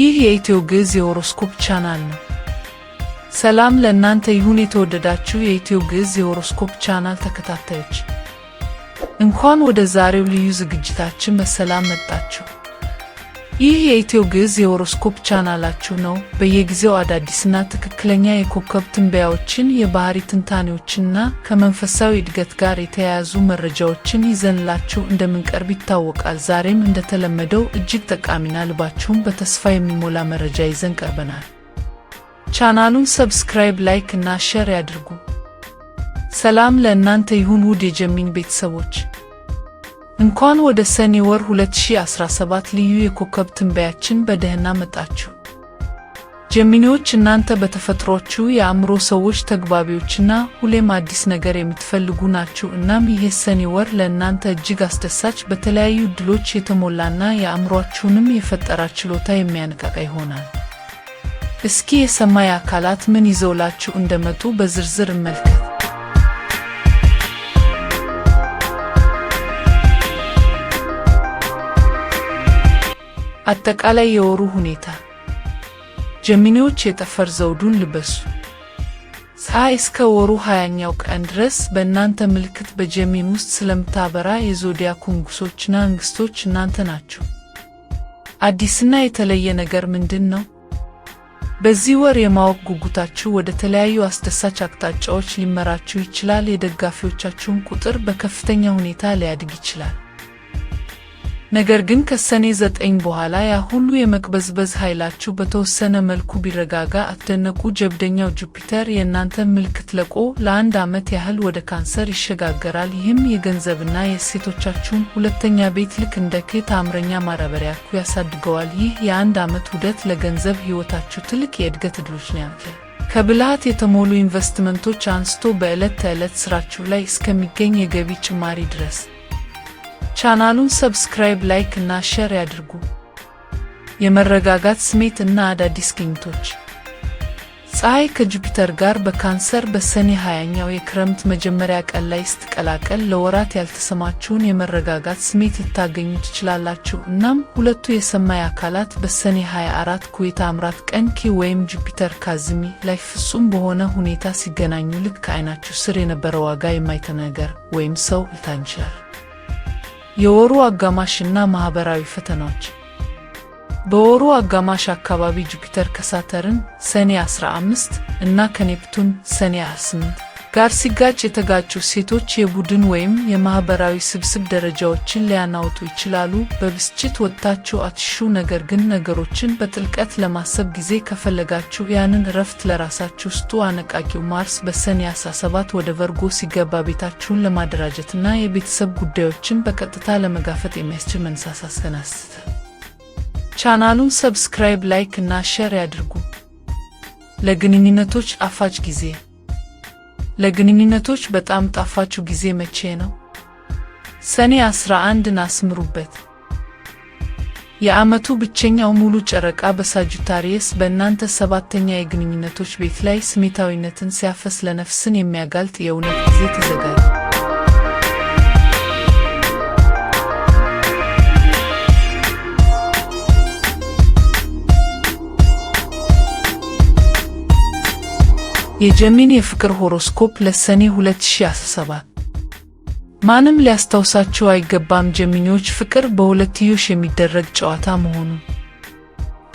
ይህ የኢትዮ ግዕዝ የሆሮስኮፕ ቻናል ነው። ሰላም ለእናንተ ይሁን የተወደዳችሁ የኢትዮ ግዕዝ የሆሮስኮፕ ቻናል ተከታታዮች፣ እንኳን ወደ ዛሬው ልዩ ዝግጅታችን በሰላም መጣችሁ። ይህ የኢትዮ ግዕዝ የሆሮስኮፕ ቻናላችሁ ነው። በየጊዜው አዳዲስና ትክክለኛ የኮከብ ትንበያዎችን፣ የባህሪ ትንታኔዎችና ከመንፈሳዊ እድገት ጋር የተያያዙ መረጃዎችን ይዘንላችሁ እንደምንቀርብ ይታወቃል። ዛሬም እንደተለመደው እጅግ ጠቃሚና ልባችሁን በተስፋ የሚሞላ መረጃ ይዘን ቀርበናል። ቻናሉን ሰብስክራይብ፣ ላይክ እና ሼር ያድርጉ። ሰላም ለእናንተ ይሁን ውድ የጀሚን ቤተሰቦች እንኳን ወደ ሰኔ ወር 2017 ልዩ የኮከብ ትንበያችን በደህና መጣችሁ። ጀሚኒዎች እናንተ በተፈጥሯችሁ የአእምሮ ሰዎች፣ ተግባቢዎችና ሁሌም አዲስ ነገር የምትፈልጉ ናችሁ። እናም ይህ ሰኔ ወር ለእናንተ እጅግ አስደሳች፣ በተለያዩ እድሎች የተሞላና የአእምሯችሁንም የፈጠራ ችሎታ የሚያነቃቃ ይሆናል። እስኪ የሰማይ አካላት ምን ይዘውላችሁ እንደመጡ በዝርዝር እመልከት? አጠቃላይ የወሩ ሁኔታ ጀሚኒዎች የጠፈር ዘውዱን ልበሱ። ፀሐይ እስከ ወሩ ሀያኛው ቀን ድረስ በእናንተ ምልክት በጀሚን ውስጥ ስለምታበራ የዞዲያኩ ንጉሶችና ንግስቶች እናንተ ናችሁ። አዲስና የተለየ ነገር ምንድን ነው? በዚህ ወር የማወቅ ጉጉታችሁ ወደ ተለያዩ አስደሳች አቅጣጫዎች ሊመራችሁ ይችላል። የደጋፊዎቻችሁን ቁጥር በከፍተኛ ሁኔታ ሊያድግ ይችላል። ነገር ግን ከሰኔ ዘጠኝ በኋላ ያ ሁሉ የመቅበዝበዝ ኃይላችሁ በተወሰነ መልኩ ቢረጋጋ፣ አትደነቁ። ጀብደኛው ጁፒተር የእናንተ ምልክት ለቆ ለአንድ ዓመት ያህል ወደ ካንሰር ይሸጋገራል። ይህም የገንዘብና የእሴቶቻችሁን ሁለተኛ ቤት ልክ እንደ ኬት አምረኛ ማዳበሪያችሁ ያሳድገዋል። ይህ የአንድ ዓመት ውደት ለገንዘብ ሕይወታችሁ ትልቅ የእድገት እድሎች ነው ያለ ከብልሃት የተሞሉ ኢንቨስትመንቶች አንስቶ በዕለት ተዕለት ስራችሁ ላይ እስከሚገኝ የገቢ ጭማሪ ድረስ ቻናሉን ሰብስክራይብ፣ ላይክ እና ሼር ያድርጉ። የመረጋጋት ስሜት እና አዳዲስ ግኝቶች። ፀሐይ ከጁፒተር ጋር በካንሰር በሰኔ 20ኛው የክረምት መጀመሪያ ቀን ላይ ስትቀላቀል ለወራት ያልተሰማችሁን የመረጋጋት ስሜት ልታገኙ ትችላላችሁ። እናም ሁለቱ የሰማይ አካላት በሰኔ 24 ኩዌታ አምራት ቀን ኪ ወይም ጁፒተር ካዝሚ ላይ ፍጹም በሆነ ሁኔታ ሲገናኙ ልክ ከዓይናችሁ ስር የነበረ ዋጋ የማይተነገር ወይም ሰው ልታንችላል የወሩ አጋማሽ እና ማህበራዊ ፈተናዎች። በወሩ አጋማሽ አካባቢ ጁፒተር ከሳተርን ሰኔ 15 እና ከኔፕቱን ሰኔ 28 ጋር ሲጋጭ የተጋጩ ሴቶች የቡድን ወይም የማኅበራዊ ስብስብ ደረጃዎችን ሊያናውጡ ይችላሉ። በብስጭት ወጥታችሁ አትሹ። ነገር ግን ነገሮችን በጥልቀት ለማሰብ ጊዜ ከፈለጋችሁ ያንን እረፍት ለራሳችሁ ስጡ። አነቃቂው ማርስ በሰኔ 17 ወደ ቨርጎ ሲገባ ቤታችሁን ለማደራጀትና የቤተሰብ ጉዳዮችን በቀጥታ ለመጋፈጥ የሚያስችል መነሳሳትን አስተ ቻናሉን ሰብስክራይብ፣ ላይክ እና ሼር ያድርጉ። ለግንኙነቶች አፋጭ ጊዜ ለግንኙነቶች በጣም ጣፋጩ ጊዜ መቼ ነው? ሰኔ 11ን አስምሩበት። የዓመቱ ብቸኛው ሙሉ ጨረቃ በሳጁታሪየስ በእናንተ ሰባተኛ የግንኙነቶች ቤት ላይ ስሜታዊነትን ሲያፈስ ለነፍስን የሚያጋልጥ የእውነት ጊዜ ተዘጋጅ የጀሚኒ የፍቅር ሆሮስኮፕ ለሰኔ 2017። ማንም ሊያስታውሳቸው አይገባም ጀሚኒዎች ፍቅር በሁለትዮሽ የሚደረግ ጨዋታ መሆኑ።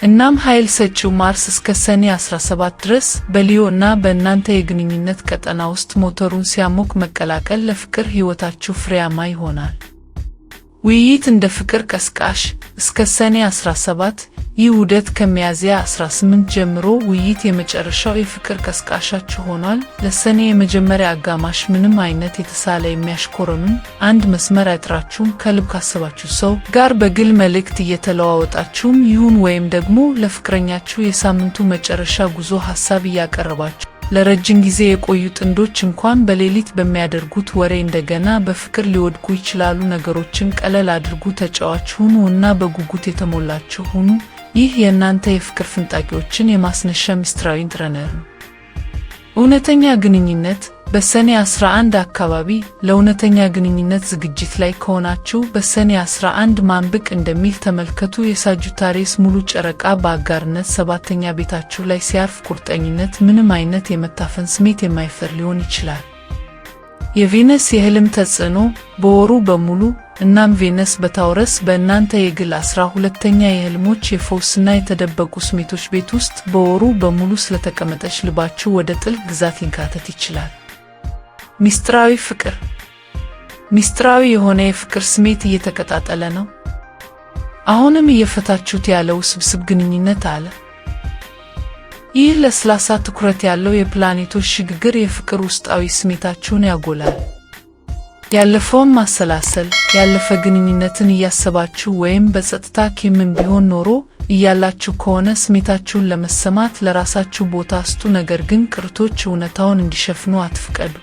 እናም ኃይል ሰጪው ማርስ እስከ ሰኔ 17 ድረስ በሊዮ እና በእናንተ የግንኙነት ቀጠና ውስጥ ሞተሩን ሲያሞቅ መቀላቀል ለፍቅር ሕይወታችሁ ፍሬያማ ይሆናል። ውይይት እንደ ፍቅር ቀስቃሽ እስከ ሰኔ 17 ይህ ውህደት ከሚያዝያ 18 ጀምሮ ውይይት የመጨረሻው የፍቅር ቀስቃሻችሁ ሆኗል። ለሰኔ የመጀመሪያ አጋማሽ ምንም አይነት የተሳለ የሚያሽኮረምን አንድ መስመር አይጥራችሁም። ከልብ ካሰባችሁ ሰው ጋር በግል መልእክት እየተለዋወጣችሁም ይሁን ወይም ደግሞ ለፍቅረኛችሁ የሳምንቱ መጨረሻ ጉዞ ሀሳብ እያቀረባችሁ ለረጅም ጊዜ የቆዩ ጥንዶች እንኳን በሌሊት በሚያደርጉት ወሬ እንደገና በፍቅር ሊወድቁ ይችላሉ። ነገሮችን ቀለል አድርጉ፣ ተጫዋች ሁኑ እና በጉጉት የተሞላችሁ ሁኑ። ይህ የእናንተ የፍቅር ፍንጣቂዎችን የማስነሻ ምስጢራዊ ንጥረ ነገር ነው። እውነተኛ ግንኙነት በሰኔ 11 አካባቢ ለእውነተኛ ግንኙነት ዝግጅት ላይ ከሆናችሁ በሰኔ 11 ማንብቅ እንደሚል ተመልከቱ። የሳጁታሪየስ ሙሉ ጨረቃ በአጋርነት ሰባተኛ ቤታችሁ ላይ ሲያርፍ ቁርጠኝነት፣ ምንም አይነት የመታፈን ስሜት የማይፈር ሊሆን ይችላል። የቬነስ የህልም ተጽዕኖ በወሩ በሙሉ እናም ቬነስ በታውረስ በእናንተ የግል አስራ ሁለተኛ የህልሞች የፈውስና የተደበቁ ስሜቶች ቤት ውስጥ በወሩ በሙሉ ስለተቀመጠች ልባችሁ ወደ ጥልቅ ግዛት ሊንካተት ይችላል። ሚስጥራዊ ፍቅር ሚስጥራዊ የሆነ የፍቅር ስሜት እየተቀጣጠለ ነው። አሁንም እየፈታችሁት ያለው ውስብስብ ግንኙነት አለ። ይህ ለስላሳ ትኩረት ያለው የፕላኔቶች ሽግግር የፍቅር ውስጣዊ ስሜታችሁን ያጎላል። ያለፈውን ማሰላሰል ያለፈ ግንኙነትን እያሰባችሁ ወይም በጸጥታ ኬምን ቢሆን ኖሮ እያላችሁ ከሆነ ስሜታችሁን ለመሰማት ለራሳችሁ ቦታ ስጡ። ነገር ግን ቅርቶች እውነታውን እንዲሸፍኑ አትፍቀዱ።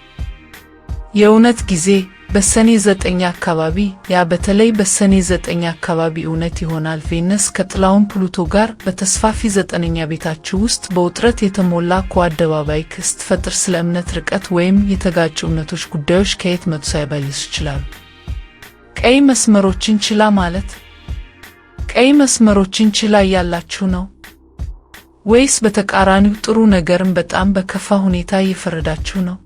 የእውነት ጊዜ በሰኔ ዘጠኝ አካባቢ ያ በተለይ በሰኔ ዘጠኝ አካባቢ እውነት ይሆናል። ቬነስ ከጥላውን ፕሉቶ ጋር በተስፋፊ ዘጠነኛ ቤታችሁ ውስጥ በውጥረት የተሞላ እኮ አደባባይ ፈጥር ስለ እምነት ርቀት ወይም የተጋጩ እምነቶች ጉዳዮች ከየት መጡ ሳይባልስ ይችላሉ። ቀይ መስመሮችን ችላ ማለት ቀይ መስመሮችን ችላ እያላችሁ ነው ወይስ በተቃራኒው ጥሩ ነገርን በጣም በከፋ ሁኔታ እየፈረዳችሁ ነው?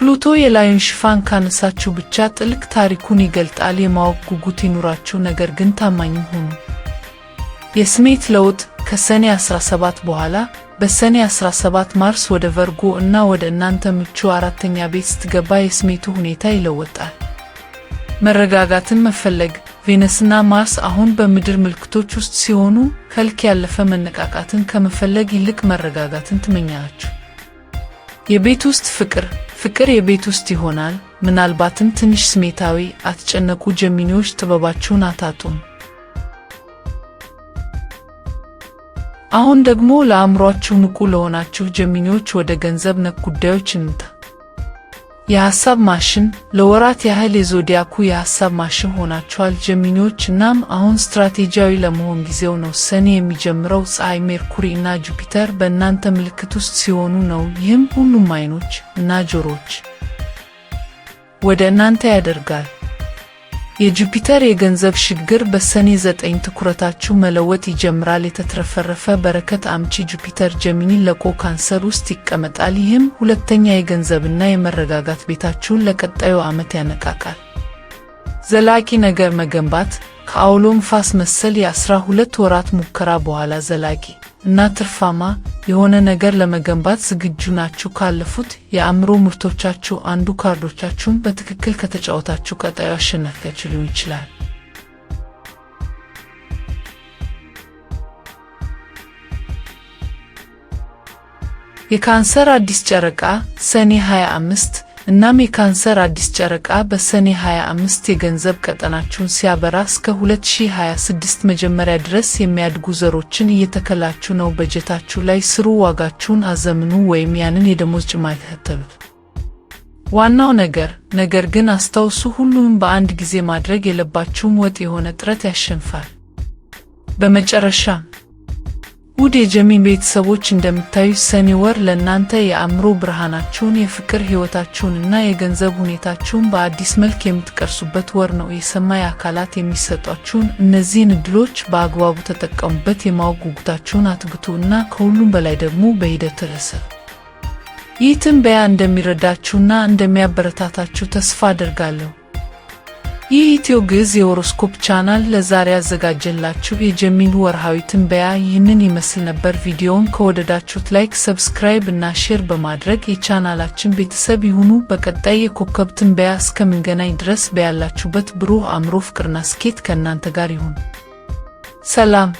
ፕሉቶ የላዩን ሽፋን ካነሳችሁ ብቻ ጥልቅ ታሪኩን ይገልጣል። የማወቅ ጉጉት ይኑራችሁ፣ ነገር ግን ታማኝም ሁኑ። የስሜት ለውጥ ከሰኔ 17 በኋላ በሰኔ 17 ማርስ ወደ ቨርጎ እና ወደ እናንተ ምቹ አራተኛ ቤት ስትገባ የስሜቱ ሁኔታ ይለወጣል። መረጋጋትን መፈለግ ቬነስና ማርስ አሁን በምድር ምልክቶች ውስጥ ሲሆኑ ከልክ ያለፈ መነቃቃትን ከመፈለግ ይልቅ መረጋጋትን ትመኛላችሁ። የቤት ውስጥ ፍቅር ፍቅር የቤት ውስጥ ይሆናል። ምናልባትም ትንሽ ስሜታዊ። አትጨነቁ ጀሚኒዎች፣ ጥበባችሁን አታጡም። አሁን ደግሞ ለአእምሯችሁ ንቁ ለሆናችሁ ጀሚኒዎች ወደ ገንዘብ ነክ ጉዳዮች እንምጣ። የሐሳብ ማሽን ለወራት ያህል የዞዲያኩ የሐሳብ ማሽን ሆናችኋል ጀሚኒዎች። እናም አሁን ስትራቴጂያዊ ለመሆን ጊዜው ነው። ሰኔ የሚጀምረው ፀሐይ፣ ሜርኩሪ እና ጁፒተር በእናንተ ምልክት ውስጥ ሲሆኑ ነው። ይህም ሁሉም አይኖች እና ጆሮች ወደ እናንተ ያደርጋል። የጁፒተር የገንዘብ ሽግግር በሰኔ 9 ትኩረታችሁ መለወጥ ይጀምራል። የተትረፈረፈ በረከት አምቺ ጁፒተር ጀሚኒ ለቆ ካንሰር ውስጥ ይቀመጣል። ይህም ሁለተኛ የገንዘብና የመረጋጋት ቤታችሁን ለቀጣዩ ዓመት ያነቃቃል። ዘላቂ ነገር መገንባት ከአውሎ ንፋስ መሰል የ12 ወራት ሙከራ በኋላ ዘላቂ እና ትርፋማ የሆነ ነገር ለመገንባት ዝግጁ ናችሁ? ካለፉት የአእምሮ ምርቶቻችሁ አንዱ ካርዶቻችሁን በትክክል ከተጫወታችሁ ቀጣዩ አሸናፊያችሁ ሊሆን ይችላል። የካንሰር አዲስ ጨረቃ ሰኔ 25 እናም የካንሰር አዲስ ጨረቃ በሰኔ 25 የገንዘብ ቀጠናችሁን ሲያበራ እስከ 2026 መጀመሪያ ድረስ የሚያድጉ ዘሮችን እየተከላችሁ ነው። በጀታችሁ ላይ ስሩ፣ ዋጋችሁን አዘምኑ ወይም ያንን የደሞዝ ጭማሪ ተብ ዋናው ነገር ነገር ግን አስታውሱ፣ ሁሉም በአንድ ጊዜ ማድረግ የለባችሁም። ወጥ የሆነ ጥረት ያሸንፋል። በመጨረሻ ውድ የጀሚን ቤተሰቦች እንደምታዩት ሰኔ ወር ለእናንተ የአእምሮ ብርሃናችሁን የፍቅር ሕይወታችሁንና የገንዘብ ሁኔታችሁን በአዲስ መልክ የምትቀርሱበት ወር ነው። የሰማይ አካላት የሚሰጧችሁን እነዚህን ዕድሎች በአግባቡ ተጠቀሙበት። የማወቅ ጉጉታችሁን አትግቱ እና ከሁሉም በላይ ደግሞ በሂደት ርዕሰ ይህ ትንበያ እንደሚረዳችሁና እንደሚያበረታታችሁ ተስፋ አደርጋለሁ። የኢትዮ ግዕዝ የሆሮስኮፕ ቻናል ለዛሬ ያዘጋጀላችሁ የጀሚን ወርሃዊ ትንበያ ይህንን ይመስል ነበር። ቪዲዮውን ከወደዳችሁት ላይክ፣ ሰብስክራይብ እና ሼር በማድረግ የቻናላችን ቤተሰብ ይሁኑ። በቀጣይ የኮከብ ትንበያ እስከምንገናኝ ድረስ በያላችሁበት ብሩህ አእምሮ፣ ፍቅርና ስኬት ከእናንተ ጋር ይሁን። ሰላም